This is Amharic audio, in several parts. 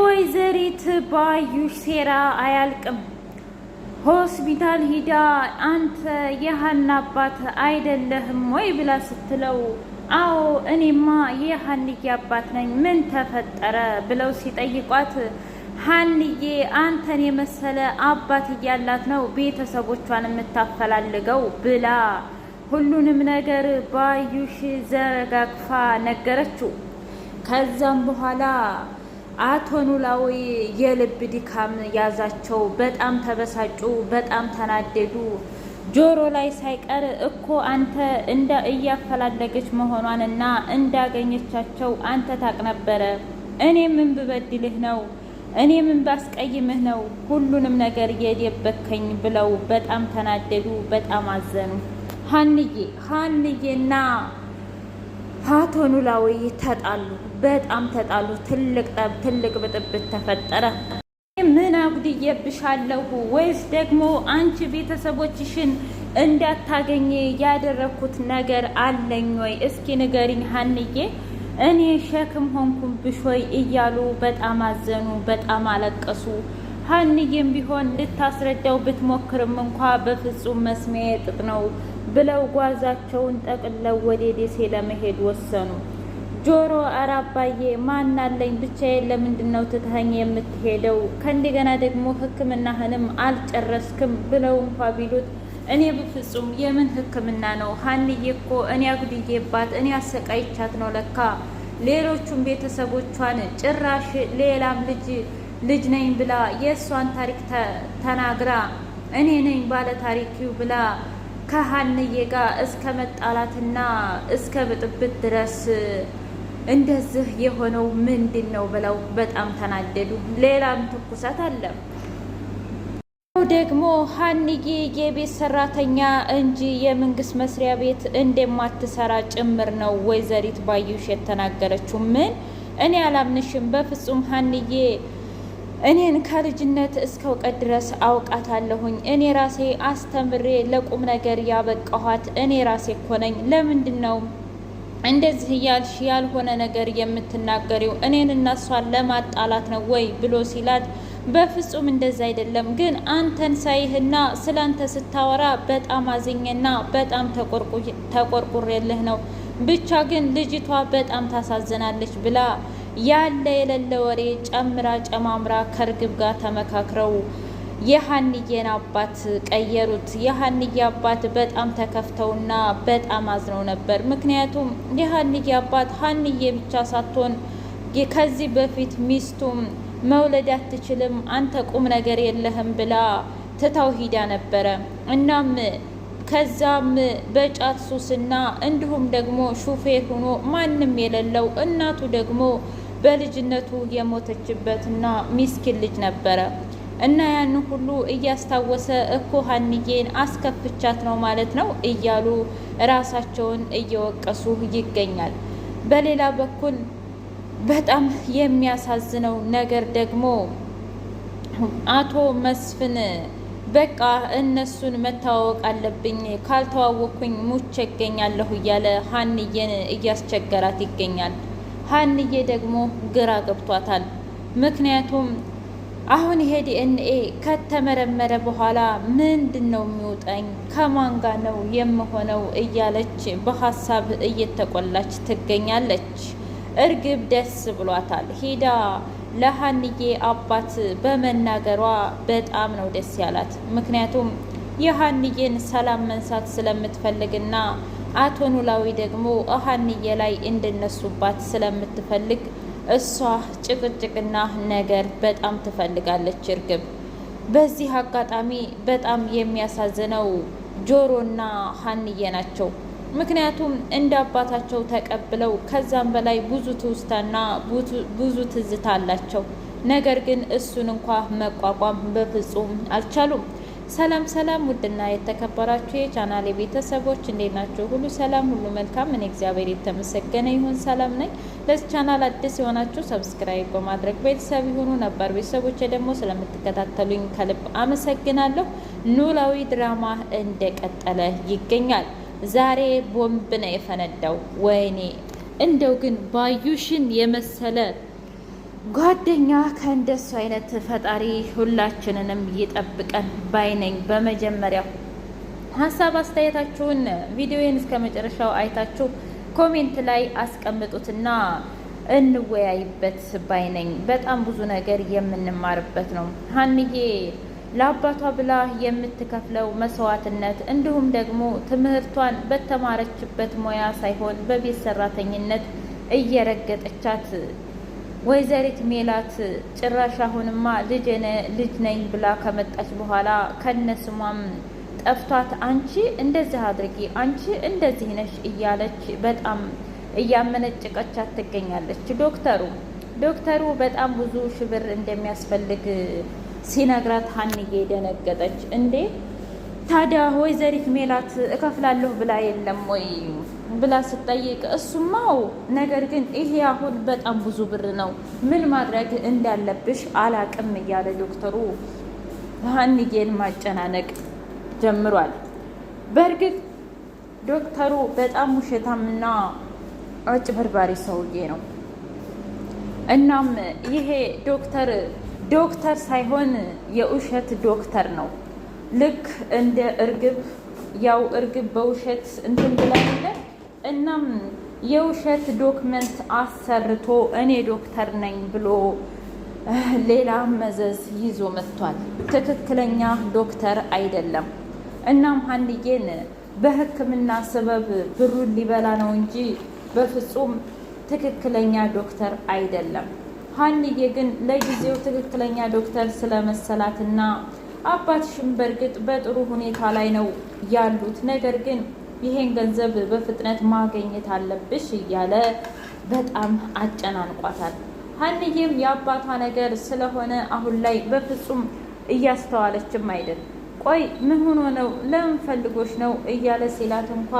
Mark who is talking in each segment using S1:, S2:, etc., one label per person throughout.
S1: ወይዘሪት ባዩሽ ሴራ አያልቅም። ሆስፒታል ሂዳ አንተ የሀና አባት አይደለህም ወይ ብላ ስትለው አዎ እኔማ የሀንዬ አባት ነኝ፣ ምን ተፈጠረ ብለው ሲጠይቋት ሀንዬ አንተን የመሰለ አባት እያላት ነው ቤተሰቦቿን የምታፈላልገው ብላ ሁሉንም ነገር ባዩሽ ዘረጋግፋ ነገረችው። ከዛም በኋላ አቶ ኖላዊ የልብ ድካም ያዛቸው። በጣም ተበሳጩ፣ በጣም ተናደዱ። ጆሮ ላይ ሳይቀር እኮ አንተ እንዳ እያፈላለገች መሆኗንና እንዳገኘቻቸው አንተ ታቅ ነበረ። እኔ ምን ብበድልህ ነው? እኔ ምን ባስቀይምህ ነው? ሁሉንም ነገር የደበከኝ ብለው በጣም ተናደዱ፣ በጣም አዘኑ። ሀንዬ ሀንዬና አቶ ኖላዊ ተጣሉ፣ በጣም ተጣሉ። ትልቅ ጠብ፣ ትልቅ ብጥብጥ ተፈጠረ። ምን አጉድዬብሻለሁ ወይስ ደግሞ አንቺ ቤተሰቦችሽን እንዳታገኝ ያደረግኩት ነገር አለኝ ወይ? እስኪ ንገሪኝ ሀንዬ፣ እኔ ሸክም ሆንኩብሽ ብሾይ እያሉ በጣም አዘኑ፣ በጣም አለቀሱ። ሀንዬም ቢሆን ልታስረዳው ብትሞክርም እንኳ በፍጹም መስሚያ የጥጥ ነው ብለው ጓዛቸውን ጠቅለው ወደ ደሴ ለመሄድ ወሰኑ። ጆሮ ኧረ አባዬ ማናለኝ አለኝ ብቻዬን ለምንድን ነው ትተኸኝ የምትሄደው? ከእንደገና ደግሞ ሕክምናህንም አልጨረስክም ብለው እንኳ ቢሉት እኔ በፍጹም የምን ሕክምና ነው ሀንዬ እኮ እኔ አጉድዬባት እኔ አሰቃይቻት ነው ለካ ሌሎቹም ቤተሰቦቿን ጭራሽ ሌላም ልጅ ልጅ ነኝ ብላ የእሷን ታሪክ ተናግራ እኔ ነኝ ባለ ታሪኪው ብላ ከሀንዬ ጋር እስከ መጣላትና እስከ ብጥብጥ ድረስ እንደዚህ የሆነው ምንድን ነው ብለው በጣም ተናደዱ። ሌላም ትኩሳት አለ። ደግሞ ሀንዬ የቤት ሰራተኛ እንጂ የመንግስት መስሪያ ቤት እንደማትሰራ ጭምር ነው ወይዘሪት ባዩሽ የተናገረችው። ምን እኔ አላምንሽም በፍጹም ሀንዬ እኔን ከልጅነት እስከ እውቀት ድረስ አውቃታለሁኝ። እኔ ራሴ አስተምሬ ለቁም ነገር ያበቃኋት እኔ ራሴ እኮ ነኝ። ለምንድን ነው እንደዚህ እያልሽ ያልሆነ ነገር የምትናገሪው? እኔን እናሷን ለማጣላት ነው ወይ ብሎ ሲላት በፍጹም እንደዛ አይደለም፣ ግን አንተን ሳይህና ስላንተ ስታወራ በጣም አዝኜና በጣም ተቆርቁሬልህ ነው። ብቻ ግን ልጅቷ በጣም ታሳዝናለች ብላ ያለ የሌለ ወሬ ጨምራ ጨማምራ ከርግብ ጋር ተመካክረው የሀንዬን አባት ቀየሩት። የሀንዬ አባት በጣም ተከፍተውና በጣም አዝነው ነበር። ምክንያቱም የሀንዬ አባት ሀንዬ ብቻ ሳትሆን ከዚህ በፊት ሚስቱም መውለድ አትችልም፣ አንተ ቁም ነገር የለህም ብላ ትታው ሂዳ ነበረ። እናም ከዛም በጫት ሱስና እንዲሁም ደግሞ ሹፌር ሆኖ ማንም የሌለው እናቱ ደግሞ በልጅነቱ የሞተችበትና ሚስኪን ልጅ ነበረ እና ያን ሁሉ እያስታወሰ እኮ ሀንዬን አስከፍቻት ነው ማለት ነው እያሉ ራሳቸውን እየወቀሱ ይገኛል። በሌላ በኩል በጣም የሚያሳዝነው ነገር ደግሞ አቶ መስፍን በቃ እነሱን መተዋወቅ አለብኝ ካልተዋወቅኩኝ ሙች እገኛለሁ እያለ ሀንዬን እያስቸገራት ይገኛል። ሀንዬ ደግሞ ግራ ገብቷታል። ምክንያቱም አሁን ይሄ ዲኤንኤ ከተመረመረ በኋላ ምንድን ነው የሚውጠኝ? ከማን ጋ ነው የምሆነው? እያለች በሀሳብ እየተቆላች ትገኛለች። እርግብ ደስ ብሏታል። ሂዳ ለሀንዬ አባት በመናገሯ በጣም ነው ደስ ያላት። ምክንያቱም የሀንዬን ሰላም መንሳት ስለምትፈልግና አቶ ኖላዊ ደግሞ ሀንዬ ላይ እንድነሱባት ስለምትፈልግ እሷ ጭቅጭቅና ነገር በጣም ትፈልጋለች እርግብ። በዚህ አጋጣሚ በጣም የሚያሳዝነው ጆሮና ሀንዬ ናቸው። ምክንያቱም እንደ አባታቸው ተቀብለው ከዛም በላይ ብዙ ትውስታና ብዙ ትዝታ አላቸው። ነገር ግን እሱን እንኳ መቋቋም በፍጹም አልቻሉም። ሰላም ሰላም፣ ውድና የተከበራችሁ የቻናሌ ቤተሰቦች እንዴት ናችሁ? ሁሉ ሰላም፣ ሁሉ መልካም። እኔ እግዚአብሔር የተመሰገነ ይሁን ሰላም ነኝ። ለዚህ ቻናል አዲስ የሆናችሁ ሰብስክራይብ በማድረግ ቤተሰብ ይሁኑ። ነባር ቤተሰቦች ደግሞ ስለምትከታተሉኝ ከልብ አመሰግናለሁ። ኖላዊ ድራማ እንደቀጠለ ይገኛል። ዛሬ ቦምብ ነው የፈነዳው። ወይኔ እንደው ግን ባዩሽን የመሰለ ጓደኛ ከእንደሱ አይነት ፈጣሪ ሁላችንንም ይጠብቀን ባይነኝ። በመጀመሪያው ሀሳብ አስተያየታችሁን ቪዲዮዬን እስከ መጨረሻው አይታችሁ ኮሜንት ላይ አስቀምጡትና እንወያይበት ባይነኝ። በጣም ብዙ ነገር የምንማርበት ነው። ሀንዬ ለአባቷ ብላ የምትከፍለው መስዋዕትነት እንዲሁም ደግሞ ትምህርቷን በተማረችበት ሙያ ሳይሆን በቤት ሰራተኝነት እየረገጠቻት ወይዘሪት ሜላት ጭራሽ አሁንማ ልጅ ነኝ ብላ ከመጣች በኋላ ከነስሟም ጠፍቷት አንቺ እንደዚህ አድርጊ፣ አንቺ እንደዚህ ነሽ እያለች በጣም እያመነጨቀቻት ትገኛለች። ዶክተሩ ዶክተሩ በጣም ብዙ ሽብር እንደሚያስፈልግ ሲነግራት ሀንዬ ደነገጠች። እንዴ ታዲያ ወይዘሪት ሜላት እከፍላለሁ ብላ የለም ወይ ብላ ስጠይቅ እሱማው ነገር ግን ይሄ አሁን በጣም ብዙ ብር ነው፣ ምን ማድረግ እንዳለብሽ አላቅም እያለ ዶክተሩ ሀንዬን ማጨናነቅ ጀምሯል። በእርግጥ ዶክተሩ በጣም ውሸታምና አጭበርባሪ ሰውዬ ነው። እናም ይሄ ዶክተር ዶክተር ሳይሆን የውሸት ዶክተር ነው። ልክ እንደ እርግብ ያው እርግብ በውሸት እንትን ብለን እናም የውሸት ዶክመንት አሰርቶ እኔ ዶክተር ነኝ ብሎ ሌላ መዘዝ ይዞ መጥቷል። ትክክለኛ ዶክተር አይደለም። እናም ሀንዬን በሕክምና ሰበብ ብሩን ሊበላ ነው እንጂ በፍጹም ትክክለኛ ዶክተር አይደለም። ሀንዬ ግን ለጊዜው ትክክለኛ ዶክተር ስለመሰላትና አባትሽም በእርግጥ በጥሩ ሁኔታ ላይ ነው ያሉት ነገር ግን ይሄን ገንዘብ በፍጥነት ማገኘት አለብሽ እያለ በጣም አጨናንቋታል። ሀንዬም የአባቷ ነገር ስለሆነ አሁን ላይ በፍጹም እያስተዋለችም አይደል። ቆይ ምን ሆኖ ነው? ለምን ፈልጎች ነው እያለ ሲላት እንኳ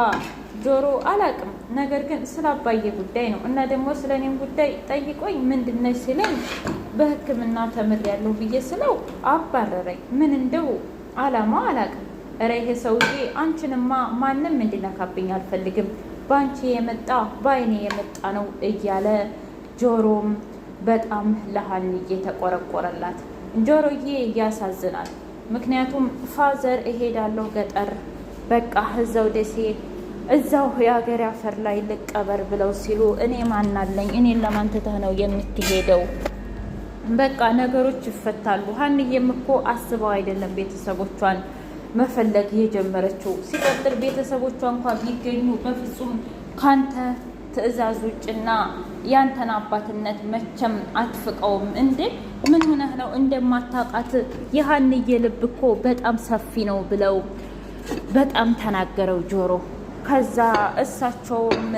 S1: ጆሮ አላቅም፣ ነገር ግን ስለ አባዬ ጉዳይ ነው እና ደግሞ ስለ እኔም ጉዳይ ጠይቆኝ ምንድነች ሲለኝ በሕክምና ተምሬያለሁ ብዬ ስለው አባረረኝ። ምን እንደው አላማው አላቅም እረ ይሄ ሰውዬ አንቺንማ ማንም እንዲነካብኝ አልፈልግም፣ በአንቺ የመጣ በአይኔ የመጣ ነው እያለ ጆሮም በጣም ለሀንዬ ተቆረቆረላት። ጆሮዬ ያሳዝናል። ምክንያቱም ፋዘር እሄዳለሁ ገጠር በቃ እዛው ደሴ እዛው የሀገር አፈር ላይ ልቀበር ብለው ሲሉ እኔ ማናለኝ? እኔን ለማን ትተህ ነው የምትሄደው? በቃ ነገሮች ይፈታሉ። ሀንዬም እኮ አስበው አይደለም ቤተሰቦቿን መፈለግ የጀመረችው። ሲቀጥል ቤተሰቦቿ እንኳ ቢገኙ በፍጹም ካንተ ትዕዛዝ ውጭና ያንተን አባትነት መቼም አትፍቀውም። እንዴ ምን ሆነህ ነው እንደማታውቃት የሀንዬ ልብ እኮ በጣም ሰፊ ነው ብለው በጣም ተናገረው ጆሮ። ከዛ እሳቸውም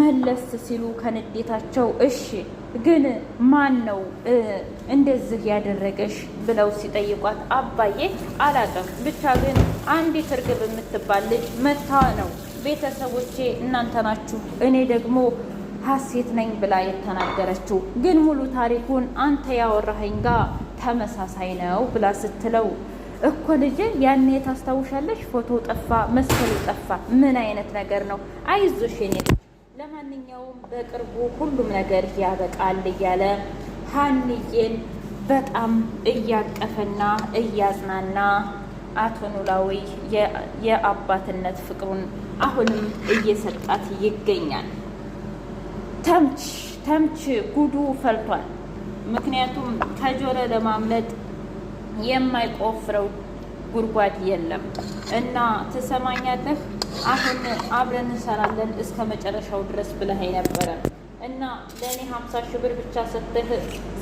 S1: መለስ ሲሉ ከንዴታቸው እሺ ግን ማን ነው እንደዚህ ያደረገሽ ብለው ሲጠይቋት አባዬ አላቀም! ብቻ ግን አንዲት እርግብ የምትባል ልጅ መታ ነው ቤተሰቦቼ እናንተ ናችሁ፣ እኔ ደግሞ ሀሴት ነኝ ብላ የተናገረችው ግን ሙሉ ታሪኩን አንተ ያወራኸኝ ጋር ተመሳሳይ ነው ብላ ስትለው እኮ ልጄ ያኔ ታስታውሻለሽ? ፎቶ ጠፋ፣ መሰሉ ጠፋ። ምን አይነት ነገር ነው? አይዞሽ የኔ ልጅ፣ ለማንኛውም በቅርቡ ሁሉም ነገር ያበቃል እያለ ሀንዬን በጣም እያቀፈና እያዝናና አቶ ኖላዊ የአባትነት ፍቅሩን አሁንም እየሰጣት ይገኛል። ተምች ተምች ጉዱ ፈልቷል። ምክንያቱም ከጆረ ለማምለጥ የማይቆፍረው ጉድጓድ የለም እና ትሰማኛለህ፣ አሁን አብረን እንሰራለን እስከ መጨረሻው ድረስ ብለህ ነበረ እና ለእኔ ሀምሳ ሺህ ብር ብቻ ሰጥተህ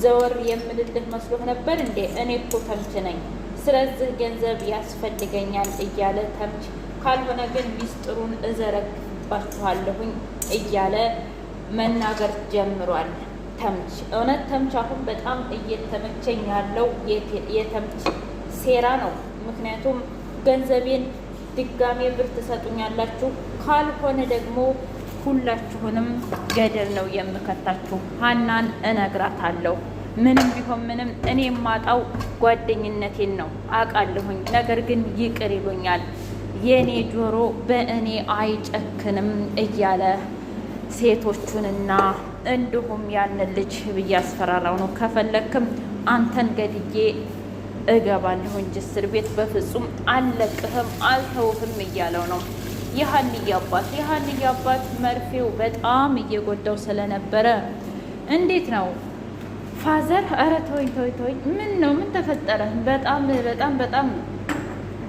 S1: ዘወር የምልልህ መስሎህ ነበር እንዴ? እኔ እኮ ተምች ነኝ፣ ስለዚህ ገንዘብ ያስፈልገኛል እያለ ተምች፣ ካልሆነ ግን ሚስጥሩን እዘረግባችኋለሁኝ እያለ መናገር ጀምሯል። ተምች እውነት ተምች አሁን በጣም እየተመቸኝ ያለው የተምች ሴራ ነው። ምክንያቱም ገንዘቤን ድጋሜ ብር ትሰጡኛላችሁ ካልሆነ ደግሞ ሁላችሁንም ገደል ነው የምከታችሁ። ሀናን እነግራታለሁ። ምንም ቢሆን ምንም እኔ የማጣው ጓደኝነቴን ነው አውቃለሁኝ። ነገር ግን ይቅር ይሉኛል፣ የእኔ ጆሮ በእኔ አይጨክንም እያለ ሴቶቹንና እንዲሁም ያንን ልጅ ብያስፈራራው ነው ከፈለክም አንተን ገድዬ እገባለሁ እንጂ እስር ቤት በፍጹም አልለቅህም፣ አልተውህም እያለው ነው የሀንዬ አባት የሀንዬ አባት መርፌው በጣም እየጎዳው ስለነበረ እንዴት ነው ፋዘር? ኧረ ተወኝ ተወኝ ተወኝ። ምን ነው ምን ተፈጠረ? በጣም በጣም በጣም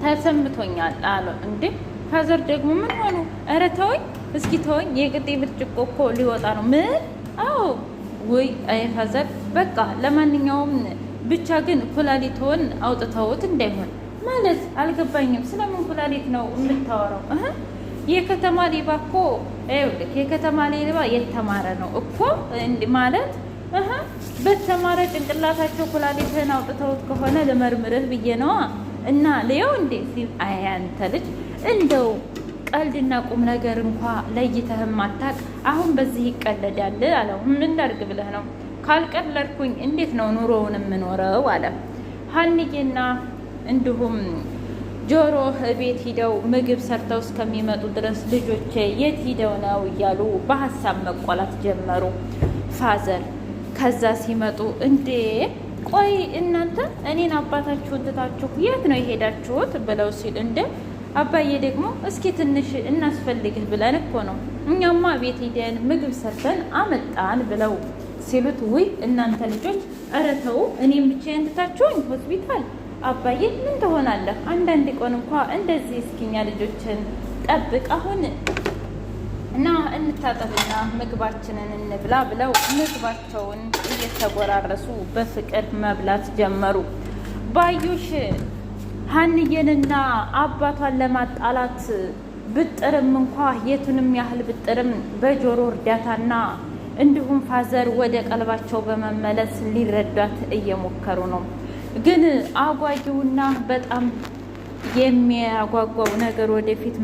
S1: ተሰምቶኛል አለ። እንዴ ፋዘር ደግሞ ምን ሆኑ? ኧረ ተወኝ እስኪ ተወኝ፣ የቅጤ ብርጭቆ እኮ ሊወጣ ነው። ምን? አዎ ወይ አይ ፋዘር፣ በቃ ለማንኛውም ብቻ ግን ኩላሊትዎን አውጥተውት እንዳይሆን ማለት አልገባኝም። ስለምን ኩላሊት ነው የምታወራው? የከተማ ሌባ እኮ ይኸውልህ፣ የከተማ ሌባ የተማረ ነው እኮ ማለት በተማረ ጭንቅላታቸው ኩላሊትህን አውጥተውት ከሆነ ልመርምርህ ብዬ ነዋ። እና ልየው እንዴ ሲል አያንተ ልጅ እንደው ቀልድና ቁም ነገር እንኳ ለይተህም አታቅ። አሁን በዚህ ይቀለዳል አለው። ምን እንዳርግ ብለህ ነው? ካልቀለድኩኝ እንዴት ነው ኑሮውን የምኖረው? አለ ሀንዬና እንዲሁም ጆሮ ቤት ሂደው ምግብ ሰርተው እስከሚመጡ ድረስ ልጆቼ የት ሂደው ነው እያሉ በሀሳብ መቆላት ጀመሩ ፋዘር። ከዛ ሲመጡ እንዴ ቆይ እናንተ እኔን አባታችሁን ትታችሁ የት ነው የሄዳችሁት? ብለው ሲል እንደ አባዬ ደግሞ እስኪ ትንሽ እናስፈልግህ ብለን እኮ ነው እኛማ ቤት ሂደን ምግብ ሰርተን አመጣን ብለው ሲሉት ውይ እናንተ ልጆች ኧረ ተው እኔም ብቻዬን ትታችሁኝ ሆስፒታል አባዬ ምን ትሆናለህ? አንዳንድ ቆን እንኳ እንደዚህ እስኪኛ ልጆችን ጠብቅ አሁን እና እንታጠብና ምግባችንን እንብላ ብለው ምግባቸውን እየተጎራረሱ በፍቅር መብላት ጀመሩ። ባዩሽ ሀንዬንና አባቷን ለማጣላት ብጥርም እንኳ የቱንም ያህል ብጥርም በጆሮ እርዳታና እንዲሁም ፋዘር ወደ ቀልባቸው በመመለስ ሊረዷት እየሞከሩ ነው። ግን አጓጊውና በጣም የሚያጓጓው ነገር ወደፊት